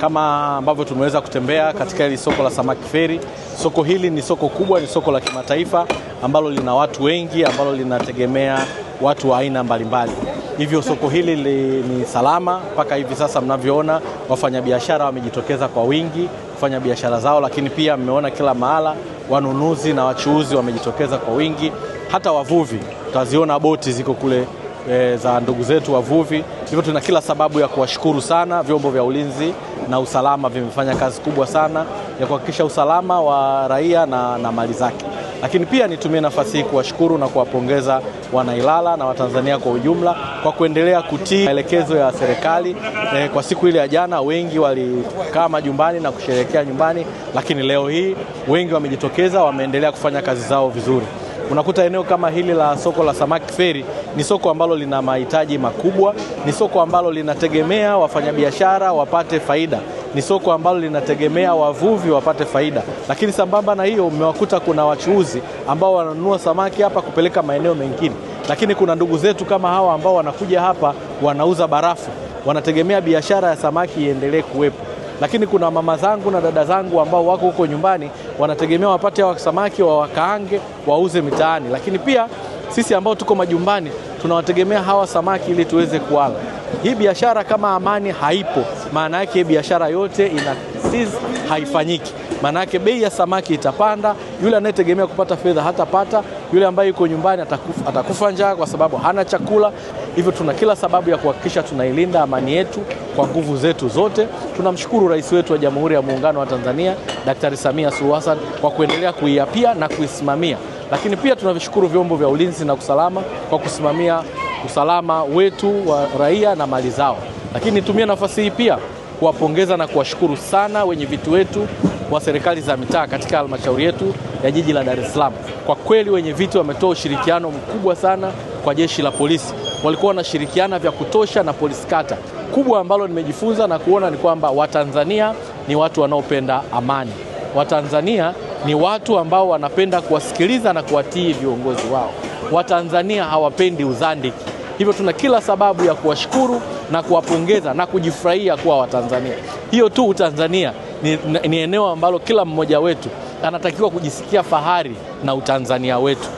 Kama ambavyo tumeweza kutembea katika hili soko la samaki Feri, soko hili ni soko kubwa, ni soko la kimataifa ambalo lina watu wengi, ambalo linategemea watu wa aina mbalimbali. Hivyo soko hili li, ni salama mpaka hivi sasa mnavyoona, wafanyabiashara wamejitokeza kwa wingi kufanya biashara zao, lakini pia mmeona kila mahala wanunuzi na wachuuzi wamejitokeza kwa wingi, hata wavuvi, utaziona boti ziko kule e, za ndugu zetu wavuvi. Hivyo tuna kila sababu ya kuwashukuru sana vyombo vya ulinzi na usalama, vimefanya kazi kubwa sana ya kuhakikisha usalama wa raia na, na mali zake. Lakini pia nitumie nafasi hii kuwashukuru na kuwapongeza Wanailala na Watanzania kwa ujumla kwa kuendelea kutii maelekezo ya serikali. E, kwa siku ile ya jana wengi walikaa majumbani na kusherehekea nyumbani, lakini leo hii wengi wamejitokeza, wameendelea kufanya kazi zao vizuri. Unakuta eneo kama hili la soko la samaki Feri ni soko ambalo lina mahitaji makubwa, ni soko ambalo linategemea wafanyabiashara wapate faida ni soko ambalo linategemea wavuvi wapate faida, lakini sambamba na hiyo umewakuta kuna wachuuzi ambao wananunua samaki hapa kupeleka maeneo mengine, lakini kuna ndugu zetu kama hawa ambao wanakuja hapa wanauza barafu, wanategemea biashara ya samaki iendelee kuwepo lakini kuna mama zangu na dada zangu ambao wako huko nyumbani wanategemea wapate hawa samaki wa wakaange wauze mitaani, lakini pia sisi ambao tuko majumbani tunawategemea hawa samaki ili tuweze kuwala. Hii biashara kama amani haipo, maana yake biashara yote ina cease, haifanyiki maanake bei ya samaki itapanda, yule anayetegemea kupata fedha hatapata, yule ambaye yuko nyumbani atakufa, atakufa njaa kwa sababu hana chakula. Hivyo tuna kila sababu ya kuhakikisha tunailinda amani yetu kwa nguvu zetu zote. Tunamshukuru rais wetu wa Jamhuri ya Muungano wa Tanzania Daktari Samia Suluhu Hassan kwa kuendelea kuiapia na kuisimamia, lakini pia tunavishukuru vyombo vya ulinzi na usalama kwa kusimamia usalama wetu wa raia na mali zao. Lakini nitumie nafasi hii pia kuwapongeza na kuwashukuru sana wenye viti wetu wa serikali za mitaa katika halmashauri yetu ya jiji la Dar es Salaam. Kwa kweli wenye viti wametoa ushirikiano mkubwa sana kwa jeshi la polisi, walikuwa wanashirikiana vya kutosha na polisi kata. Kubwa ambalo nimejifunza na kuona ni kwamba Watanzania ni watu wanaopenda amani. Watanzania ni watu ambao wanapenda kuwasikiliza na kuwatii viongozi wao. Watanzania hawapendi uzandiki. Hivyo tuna kila sababu ya kuwashukuru na kuwapongeza na kujifurahia kuwa Watanzania. Hiyo tu Utanzania ni, ni eneo ambalo kila mmoja wetu anatakiwa kujisikia fahari na Utanzania wetu.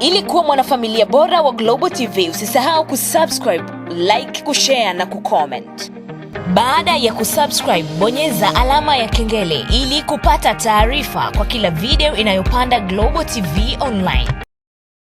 Ili kuwa mwanafamilia bora wa Global TV, usisahau kusubscribe, like, kushare na kucomment. Baada ya kusubscribe, bonyeza alama ya kengele ili kupata taarifa kwa kila video inayopanda Global TV Online.